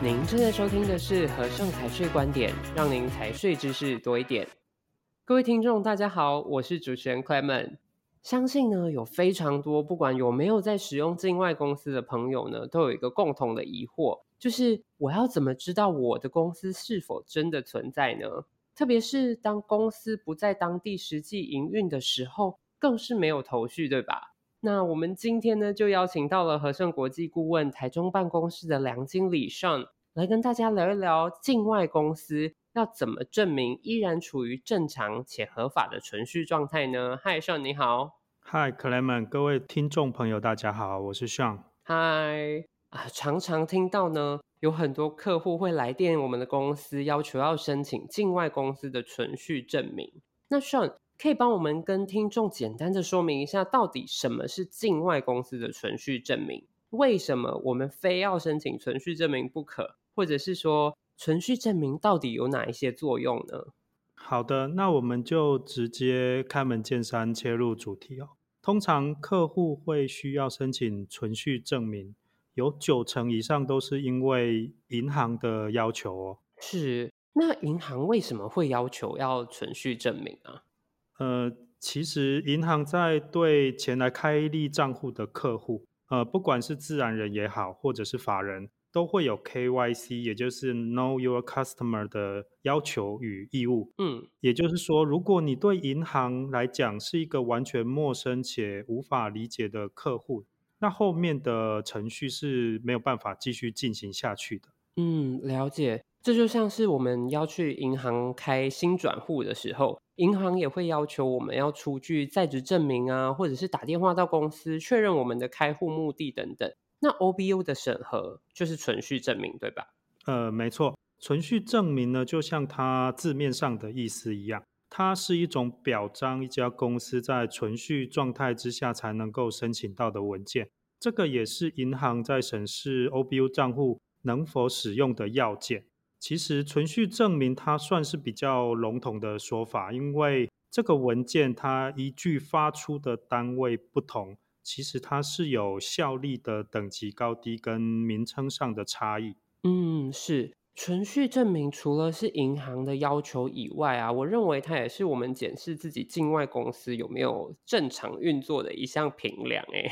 您正在收聽的是《荷盛財稅觀點》，讓您財稅知識多一點。各位聽眾，大家好，我是主持人 Clement。相信呢，有非常多不管有沒有在使用境外公司的朋友呢，都有一個共同的疑惑，就是我要怎麼知道我的公司是否真的存在呢？特別是當公司不在當地實際營運的時候，更是沒有頭緒，對吧？那我們今天呢，就邀請到了荷盛國際顧問台中辦公室的梁經理 Sean 來跟大家聊一聊境外公司要怎麼證明依然處於正常且合法的存續狀態呢？Hi，Sean 你好。Hi，Clement，各位聽眾朋友大家好，我是 Sean。Hi，啊，常常聽到呢，有很多客戶會來電我們的公司，要求要申請境外公司的存續證明。那 Sean 可以幫我們跟聽眾簡單的說明一下，到底什麼是境外公司的存續證明？為什麼我們非要申請存續證明不可？或者是說，存續證明到底有哪一些作用呢？好的，那我們就直接開門見山切入主題哦。通常客戶會需要申請存續證明，有九成以上都是因為銀行的要求哦。是，那銀行為什麼會要求要存續證明呢啊？呃，其實銀行在對前來開立賬戶的客戶，呃，不管是自然人也好，或者是法人，都會有 KYC，也就是 Know Your Customer 的要求與義務。嗯，也就是說，如果你對銀行來講是一個完全陌生且無法理解的客戶，那後面的程序是沒有辦法繼續進行下去的。嗯，了解。這就像是我們要去銀行開新轉戶的時候。銀行也會要求我們要出具在職證明啊，或者是打電話到公司確認我們的開戶目的等等。那 OBU 的審核就是存續證明，對吧？呃，沒錯，存續證明呢，就像它字面上的意思一樣，它是一種表彰一家公司在存續狀態之下才能夠申請到的文件。這個也是銀行在審視 OBU 賬戶能否使用的要件。其實存續證明它算是比較籠統的說法，因為這個文件它依據發出的單位不同，其實它是有效力的等級高低跟名稱上的差異。嗯，是，存續證明除了是銀行的要求以外啊，我認為它也是我們檢視自己境外公司有沒有正常運作的一項評量、欸。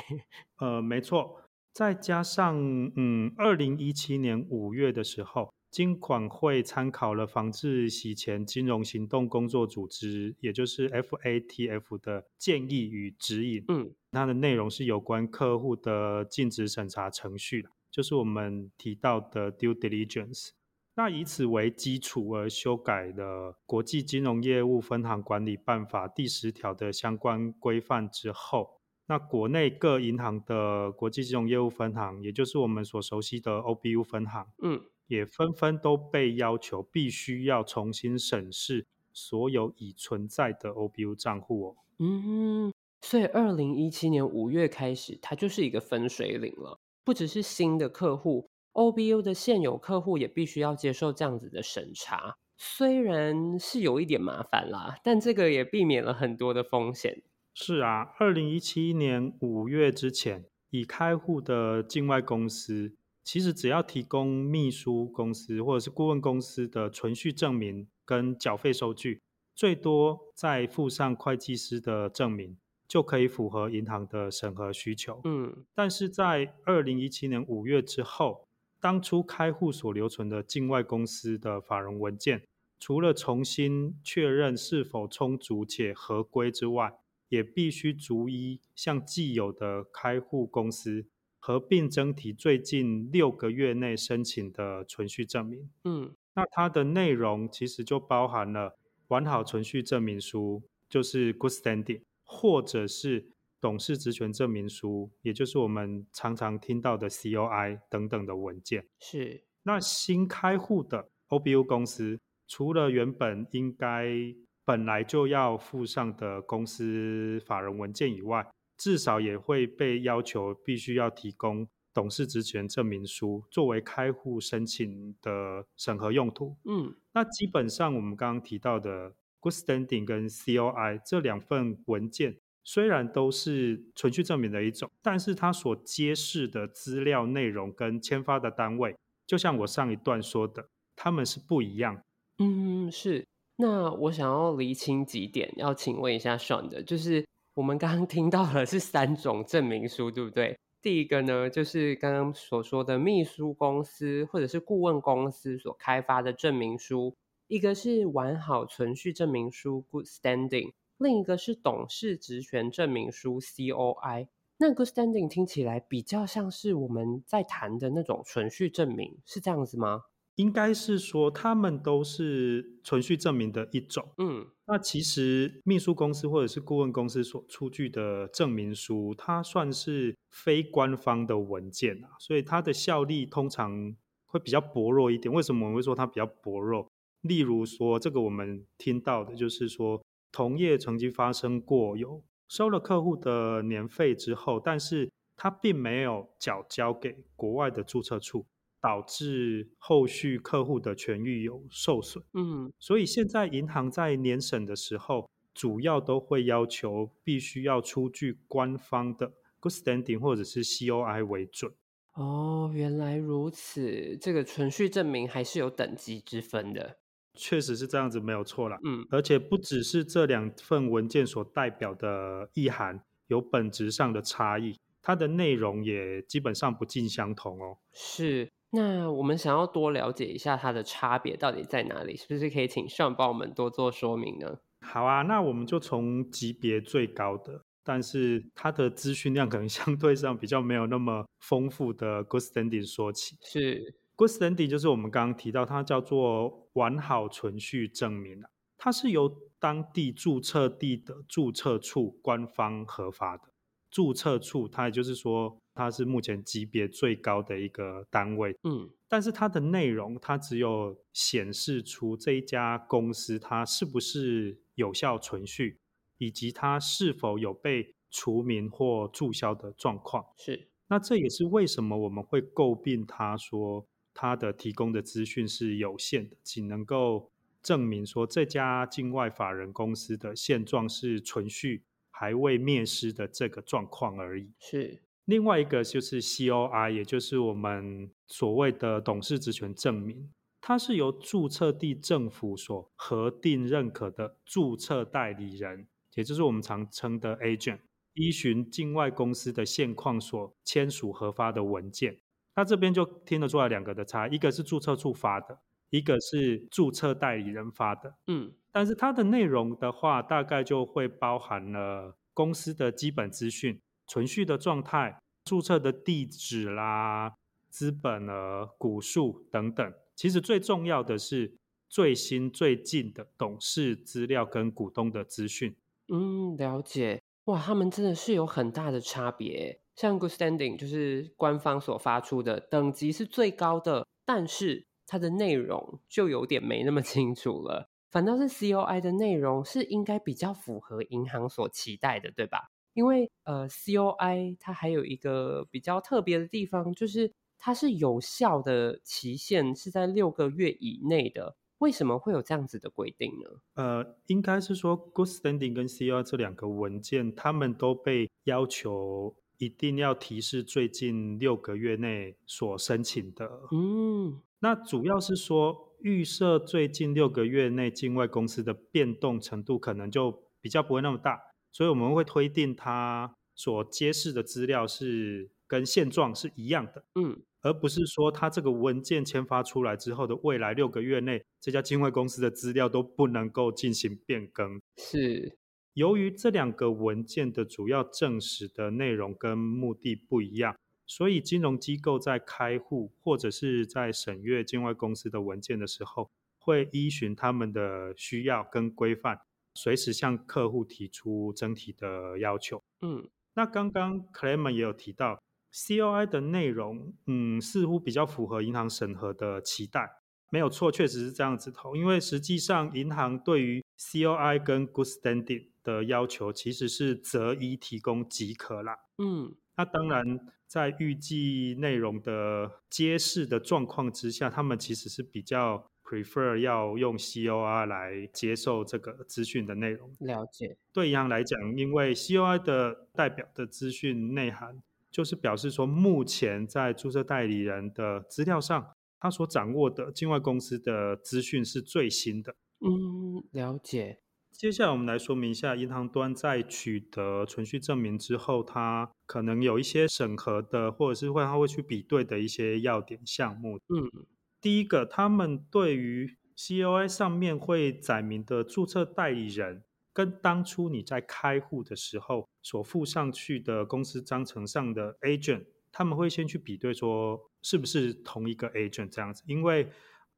誒。呃，沒錯，再加上嗯，二零一七年五月的時候。金管會參考了防制洗錢金融行動工作組織，也就是 FATF 的建議與指引。嗯，它的內容是有關客戶的盡職審查程序，就是我們提到的 due diligence。那以此為基礎而修改了《國際金融業務分行管理辦法》第十條的相關規範之後，那國內各銀行的國際金融業務分行，也就是我們所熟悉的 OBU 分行，嗯。也紛紛都被要求必須要重新審視所有已存在的 OBU 賬戶哦。嗯，所以二零一七年五月開始，它就是一個分水嶺了。不只是新的客戶，OBU 的現有客戶也必須要接受這樣子的審查。雖然是有一點麻煩啦，但這個也避免了很多的風險。是啊，二零一七年五月之前已開戶的境外公司。其實只要提供秘書公司或者是顧問公司的存續證明跟繳費收據，最多再附上會計師的證明，就可以符合銀行的審核需求。嗯，但是在二零一七年五月之後，當初開戶所留存的境外公司的法人文件，除了重新確認是否充足且合規之外，也必須逐一向既有的開戶公司。合併整體最近六個月內申請的存續證明，嗯，那它的內容其實就包含了完好存續證明書，就是 good standing，或者是董事職權證明書，也就是我們常常聽到的 COI 等等的文件。是，那新開戶的 OBU 公司，除了原本應該本來就要附上的公司法人文件以外。至少也會被要求必須要提供董事職權證明書作為開戶申請的審核用途。嗯，那基本上我們剛剛提到的 Good Standing 跟 COI 這兩份文件，雖然都是存續證明的一種，但是它所揭示的資料內容跟簽發的單位，就像我上一段說的，他們是不一樣。嗯，是。那我想要釐清幾點，要請問一下 Sean 的就是。我們剛剛聽到的是三種證明書，對不對？第一個呢，就是剛剛所說的秘書公司或者是顧問公司所開發的證明書，一個是完好存續證明書 （Good Standing），另一個是董事職權證明書 （COI）。那 Good Standing 聽起來比較像是我們在談的那種存續證明，是這樣子嗎？應該是說，他們都是存續證明的一種。嗯，那其實秘書公司或者是顧問公司所出具的證明書，它算是非官方的文件啊，所以它的效力通常會比較薄弱一點。為什麼我們會說它比較薄弱？例如說，這個我們聽到的就是說，同業曾經發生過有收了客戶的年費之後，但是他並沒有繳交給國外的注冊處。導致後續客戶的權益有受損。嗯，所以現在銀行在年審的時候，主要都會要求必須要出具官方的 Good Standing 或者是 COI 為準。哦，原來如此，這個存續證明還是有等級之分的。確實是這樣子，沒有錯啦。嗯，而且不只是這兩份文件所代表的意涵有本質上的差異，它的內容也基本上不盡相同哦。是。那我們想要多了解一下它的差別到底在哪裡，是不是可以請 Sean 幫我們多做說明呢？好啊，那我們就從級別最高的，但是它的資訊量可能相對上比較沒有那麼豐富的 Good Standing 說起。是 Good Standing 就是我們剛剛提到，它叫做完好存續證明。它是由當地注冊地的注冊處官方核發的。注冊處它也就是說。它是目前級別最高的一個單位，嗯，但是它的內容，它只有顯示出這一家公司它是不是有效存續，以及它是否有被除名或註銷的狀況。是，那這也是為什麼我們會詬病它，說它的提供的資訊是有限的，僅能夠證明說這家境外法人公司的現狀是存續、還未滅失的這個狀況而已。是。另外一個就是 COI，也就是我們所謂的董事職權證明，它是由注冊地政府所核定認可的注冊代理人，也就是我們常稱的 agent，依循境外公司的現況所簽署核發的文件。那這邊就聽得出來兩個的差，一個是注冊處發的，一個是注冊代理人發的。嗯，但是它的內容的話，大概就會包含了公司的基本資訊。存續的狀態、註冊的地址啦、資本額、股數等等，其實最重要的是最新最近的董事資料跟股東的資訊。嗯，了解。哇，他們真的是有很大的差別。像 Good Standing 就是官方所發出的，等級是最高的，但是它的內容就有點沒那麼清楚了。反倒是 COI 的內容是應該比較符合銀行所期待的，對吧？因為呃，C O I 它還有一個比較特別的地方，就是它是有效的期限是在六個月以內的。為什麼會有這樣子的規定呢？呃，應該是說 Good Standing 跟 C O I 這兩個文件，他們都被要求一定要提示最近六個月內所申請的。嗯，那主要是說預設最近六個月內境外公司的變動程度可能就比較不會那麼大。所以我們會推定，它所揭示的資料是跟現狀是一樣的，嗯，而不是說它這個文件簽發出來之後的未來六個月內，這家境外公司的資料都不能夠進行變更。是由於這兩個文件的主要證實的內容跟目的不一樣，所以金融機構在開戶或者是在審閱境外公司的文件的時候，會依循他們的需要跟規範。隨時向客戶提出整體的要求。嗯，那剛剛 Clayman 也有提到 C O I 的內容，嗯，似乎比較符合銀行審核的期待。沒有錯，確實是這樣子。因為實際上，銀行對於 C O I 跟 Good Standing 的要求，其實是擇一提供即可啦。嗯，那當然，在預計內容的揭示的狀況之下，他們其實是比較。prefer 要用 COR 來接受這個資訊的內容。了解。對銀行來講，因為 COI 的代表的資訊內涵，就是表示說，目前在註冊代理人的資料上，他所掌握的境外公司的資訊是最新的。嗯，了解。接下來我們來說明一下，銀行端在取得存續證明之後，它可能有一些審核的，或者是會它會去比對的一些要點項目。嗯。第一個，他們對於 COI 上面會載明的註冊代理人，跟當初你在開戶的時候所附上去的公司章程上的 agent，他們會先去比對，說是不是同一個 agent 這樣子。因為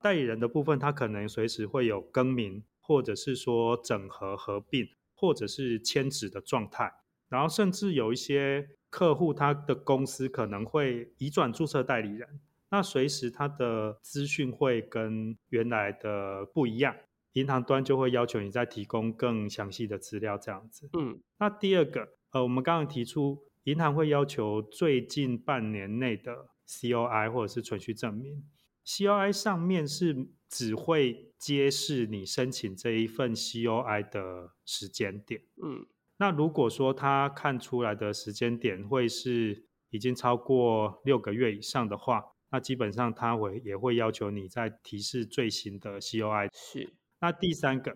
代理人的部分，他可能隨時會有更名，或者是說整合、合併，或者是遷址的狀態。然後，甚至有一些客戶，他的公司可能會移轉註冊代理人。那隨時它的資訊會跟原來的不一樣，銀行端就會要求你再提供更詳細的資料這樣子。嗯，那第二個，呃，我們剛剛提出，銀行會要求最近半年內的 COI 或者是存續證明，嗯，COI 上面是只會揭示你申請這一份 COI 的時間點。嗯，那如果說他看出來的時間點會是已經超過六個月以上的話。那基本上，他會也會要求你再提示最新的 COI。是，那第三個，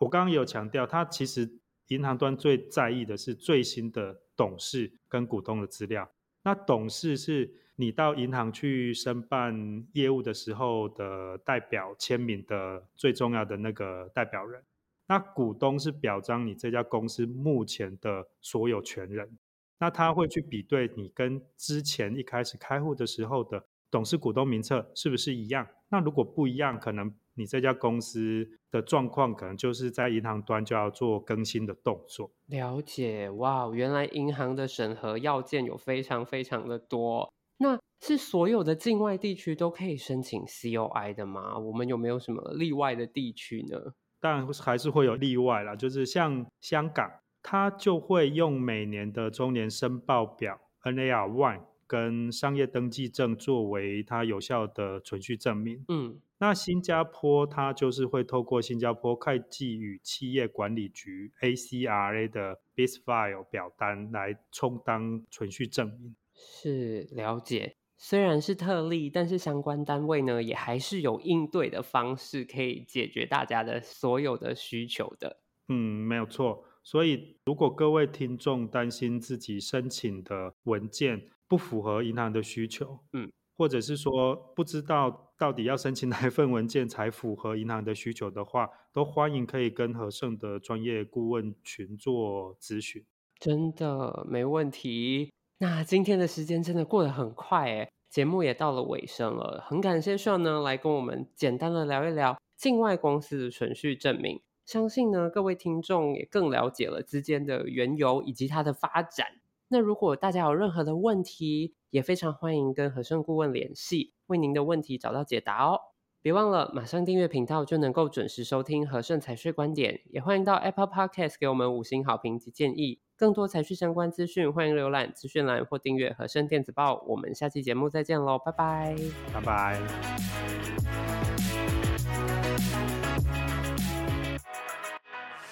我剛剛有強調，他其實銀行端最在意的是最新的董事跟股東的資料。那董事是你到銀行去申辦業務的時候的代表簽名的最重要的那個代表人。那股東是表彰你這家公司目前的所有權人。那他會去比對你跟之前一開始開戶的時候的，董事股東名冊是不是一樣？那如果不一樣，可能你這家公司的狀況，可能就是在銀行端就要做更新的動作。了解，哇，原來銀行的審核要件有非常非常的多。那是所有的境外地區都可以申請 COI 的嗎？我們有沒有什麼例外的地區呢？當然還是會有例外啦，就是像香港，它就會用每年的周年申報表 NAR One。跟商業登記證作為它有效的存續證明。嗯，那新加坡它就是會透過新加坡會計與企業管理局 （ACRA） 的 BizFile 表單來充當存續證明。是了解，雖然是特例，但是相關單位呢也還是有應對的方式，可以解決大家的所有的需求的。嗯，沒有錯。所以如果各位聽眾擔心自己申請的文件，不符合銀行的需求，嗯，或者是說不知道到底要申請哪一份文件才符合銀行的需求的話，都歡迎可以跟荷盛的專業顧問群做諮詢。真的沒問題。那今天的時間真的過得很快哎，節目也到了尾聲了，很感謝 Sean 呢來跟我們簡單的聊一聊境外公司的存續證明，相信呢各位聽眾也更了解了之間的緣由以及它的發展。那如果大家有任何的問題，也非常歡迎跟荷盛顧問聯繫，為您的問題找到解答哦。別忘了馬上訂閱頻道，就能夠準時收聽荷盛財稅觀點。也歡迎到 Apple Podcast 給我們五星好評及建議。更多財稅相關資訊，歡迎瀏覽資訊欄或訂閱荷盛電子報。我們下期節目再見嘍，拜拜，拜拜。